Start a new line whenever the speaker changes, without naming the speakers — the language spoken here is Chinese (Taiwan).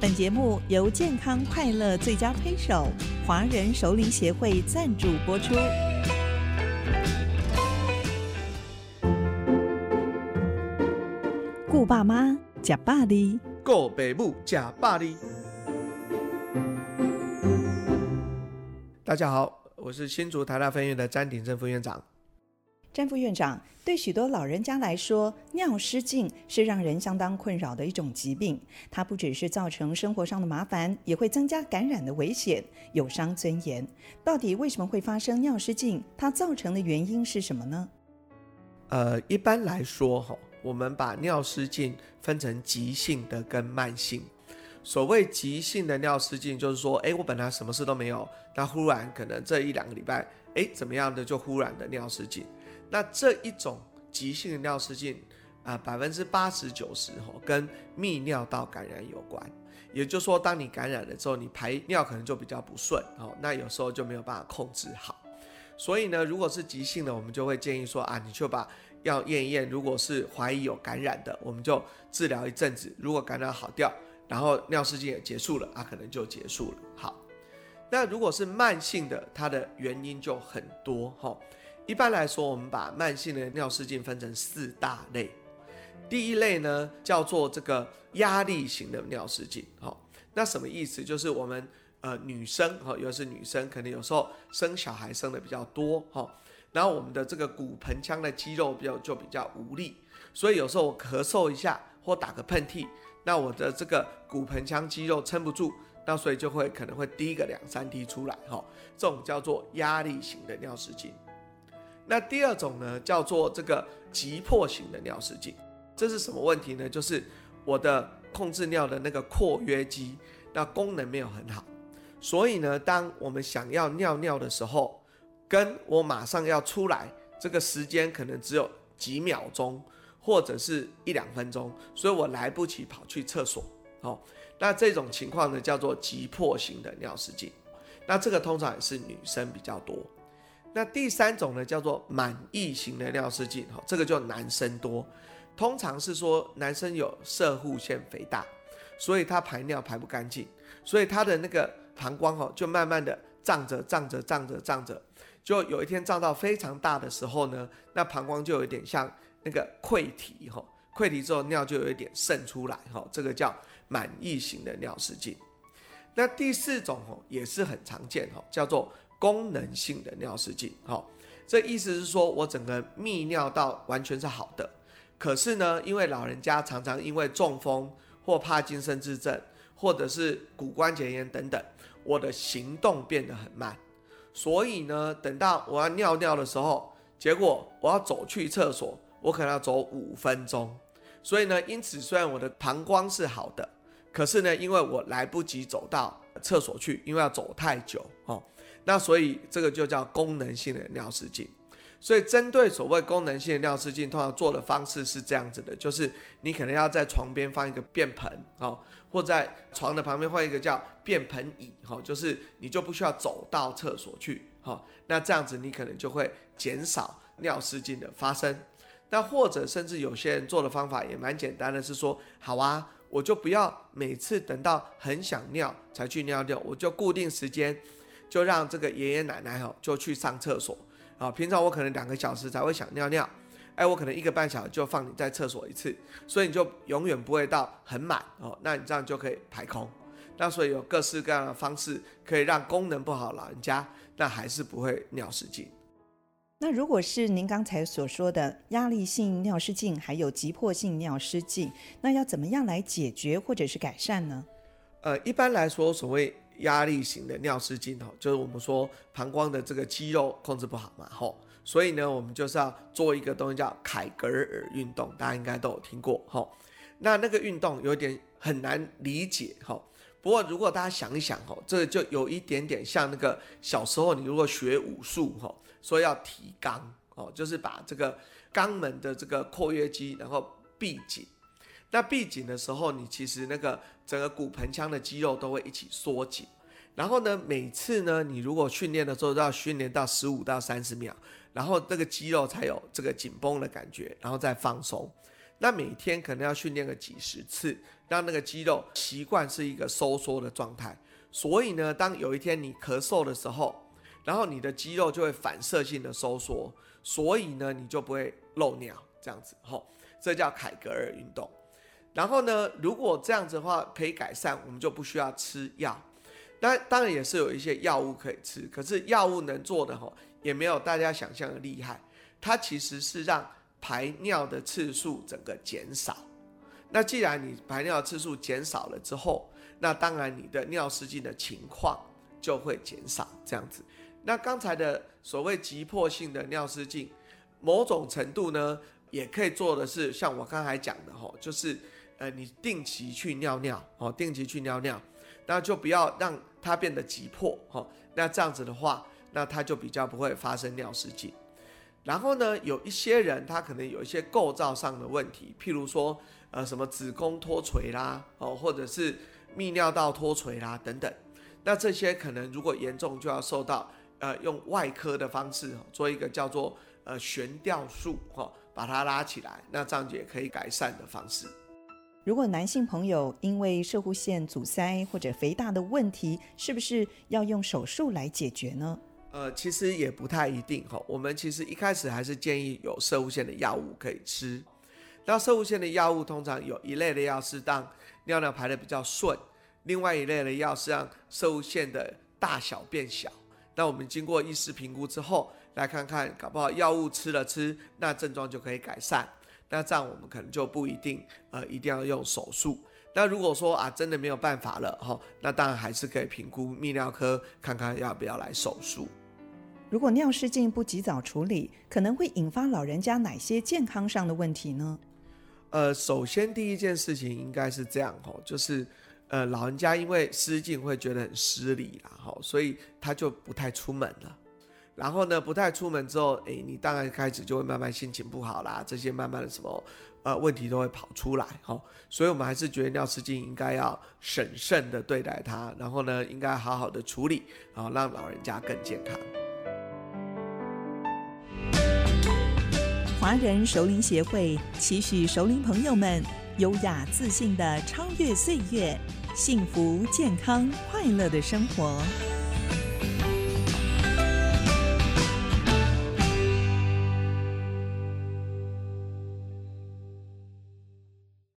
本節目由健康快樂最佳推手華人熟齡協會贊助播出。顧爸媽，吃百里。
顧北母，假百里。大家好，我是新竹台大分院的詹鼎正副院長。
詹副院長，對許多老人家來說，尿失禁是讓人相當困擾的一種疾病。它不只是造成生活上的麻煩，也會增加感染的危險，有傷尊嚴。到底為什麼會發生尿失禁？它造成的原因是什麼呢？
呃，一般來說，哈，我們把尿失禁分成急性的跟慢性。所謂急性的尿失禁，就是說，哎，我本來什麼事都沒有，那忽然可能這一兩個禮拜，哎，怎麼樣的就忽然的尿失禁。那這一種急性的尿失禁啊，百分之八十九十哦，跟泌尿道感染有關。也就是說，當你感染了之後，你排尿可能就比較不順哦，那有時候就沒有辦法控制好。所以呢，如果是急性的，我們就會建議說啊，你就把要驗一驗，如果是懷疑有感染的，我們就治療一陣子。如果感染好掉，然後尿失禁也結束了，啊，可能就結束了。好，那如果是慢性的，它的原因就很多哈。一般來說，我們把慢性的尿失禁分成四大類。第一類呢，叫做這個壓力型的尿失禁。哈，那什麼意思？就是我們呃女生哈，尤其是女生，可能有時候生小孩生的比較多哈，然後我們的這個骨盆腔的肌肉比較就比較無力，所以有時候我咳嗽一下或打個噴嚏，那我的這個骨盆腔肌肉撐不住，那所以就會可能會滴個兩三滴出來。哈，這種叫做壓力型的尿失禁。那第二種呢，叫做這個急迫型的尿失禁，這是什麼問題呢？就是我的控制尿的那個括約肌，那功能沒有很好，所以呢，當我們想要尿尿的時候，跟我馬上要出來，這個時間可能只有幾秒鐘，或者是一兩分鐘，所以我來不及跑去廁所。好，哦，那這種情況呢，叫做急迫型的尿失禁，那這個通常也是女生比較多。那第三種呢，叫做滿溢型的尿失禁，哈、哦，這個叫男生多，通常是說男生有攝護腺肥大，所以他排尿排不乾淨，所以他的那個膀胱，哈、哦，就慢慢的脹着脹着脹着脹着，就有一天脹到非常大的時候呢，那膀胱就有點像那個潰堤。哈、哦，潰堤之後尿就有一點滲出來，哈、哦，這個叫滿溢型的尿失禁。那第四種，哈、哦，也是很常見，哈、哦，叫做功能性的尿失禁，好、哦，這意思是說我整個泌尿道完全是好的，可是呢，因為老人家常常因為中風或帕金森氏症，或者是骨關節炎等等，我的行動變得很慢，所以呢，等到我要尿尿的時候，結果我要走去廁所，我可能要走五分鐘，所以呢，因此雖然我的膀胱是好的，可是呢，因為我來不及走到廁所去，因為要走太久，哈、哦。那所以這個就叫功能性的尿失禁，所以針對所謂功能性的尿失禁，通常做的方式是這樣子的，就是你可能要在床邊放一個便盆哦，或在床的旁邊放一個叫便盆椅哈、哦，就是你就不需要走到廁所去哈、哦，那這樣子你可能就會減少尿失禁的發生。那或者甚至有些人做的方法也蠻簡單的，是說好啊，我就不要每次等到很想尿才去尿尿，我就固定時間。就讓這個爺爺奶奶哈，就去上廁所啊。平常我可能兩個小時才會想尿尿，哎、欸，我可能一個半小時就放你在廁所一次，所以你就永遠不會到很滿哦。那你這樣就可以排空。那所以有各式各樣的方式可以讓功能不好老人家，但還是不會尿失禁。
那如果是您剛才所說的壓力性尿失禁，還有急迫性尿失禁，那要怎麼樣來解決或者是改善呢？
呃，一般來說，所謂。壓力型的尿失禁吼，就是我們說膀胱的這個肌肉控制不好嘛吼，所以呢，我們就是要做一個東西叫凱格爾運動，大家應該都有聽過吼。那那個運動有點很難理解吼，不過如果大家想一想吼，這就有一點點像那個小時候你如果學武術吼，說要提肛哦，就是把這個肛門的這個括約肌然後閉緊。那閉緊的時候，你其實那個整個骨盆腔的肌肉都會一起縮緊。然後呢，每次呢，你如果訓練的時候都要訓練到十五到三十秒，然後那個肌肉才有這個緊繃的感覺，然後再放鬆。那每天可能要訓練個幾十次，讓那個肌肉習慣是一個收縮的狀態。所以呢，當有一天你咳嗽的時候，然後你的肌肉就會反射性的收縮，所以呢，你就不會漏尿這樣子。吼，這叫凱格爾運動。然後呢，如果這樣子的話，可以改善，我們就不需要吃藥。當，當然也是有一些藥物可以吃，可是藥物能做的吼、哦、也沒有大家想象的厲害。它其實是讓排尿的次數整個減少。那既然你排尿次數減少了之後，那當然你的尿失禁的情況就會減少。這樣子，那剛才的所謂急迫性的尿失禁，某種程度呢也可以做的是，像我剛才講的吼、哦、就是。呃，你定期去尿尿，哦，定期去尿尿，那就不要讓它變得急迫，哦。那這樣子的話，那它就比較不會發生尿失禁。然後呢，有一些人他可能有一些構造上的問題，譬如說，呃，什麼子宮脫垂啦，哦，或者是泌尿道脫垂啦等等，那這些可能如果嚴重就要受到，呃，用外科的方式，哦，做一個叫做呃懸吊術，哈，哦，把它拉起來，那這樣子也可以改善的方式。
如果男性朋友因為攝護腺阻塞或者肥大的問題，是不是要用手術來解決呢？
呃，其實也不太一定哈。我們其實一開始還是建議有攝護腺的藥物可以吃。那攝護腺的藥物通常有一類的藥是讓尿尿排得比較順，另外一類的藥是讓攝護腺的大小變小。那我們經過醫師評估之後，來看看搞不好藥物吃了吃，那症狀就可以改善。那這樣我們可能就不一定，呃，一定要用手術。那如果說啊，真的沒有辦法了，哦，那當然還是可以評估泌尿科看看要不要來手術。
如果尿失禁不及早處理，可能會引發老人家哪些健康上的問題呢？
呃，首先第一件事情應該是這樣哈，哦，就是呃，老人家因為失禁會覺得很失禮，然後，所以他就不太出門了。然後呢，不太出門之後，誒，你當然開始就會慢慢心情不好啦，這些慢慢的什麼，呃，問題都會跑出來哦。所以我們還是覺得尿失禁應該要審慎的對待它，然後呢，應該好好的處理，然後，哦，讓老人家更健康。
華人熟齡協會期許熟齡朋友們優雅自信的超越歲月，幸福健康快樂的生活。